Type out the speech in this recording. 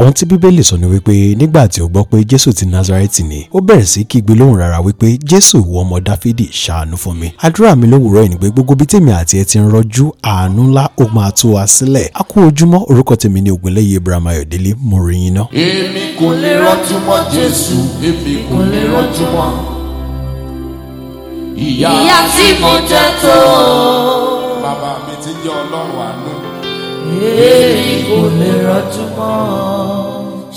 ohun tí bíbélì sọ ni wípé nígbà tí ó gbọ́ pé jésù ti nazareti ni ó bẹ̀rẹ̀ sí kígbe lóhùn rárá wípé jésù ìwọ ọmọ dáfídì ṣàánú fún mi àdúrà mi lówùúrọ̀ yìí ni pé gbogbo bí tèmi àti ẹ ti ń rọjú àánú ńlá ó máa tó wa sílẹ̀ a kú ojúmọ́ orúkọ tèmi ni ògúnlẹ̀yẹ ibrahim ayọ̀délé mo rí yín ná. èmi kò lè rọ́júmọ́ jésù èmi kò lè rọ́júmọ́ ìyà tí mo jẹ tó. bàbá mi ti jẹ́ ọlọ́run àánú. èmi kò lè rọ́júmọ́.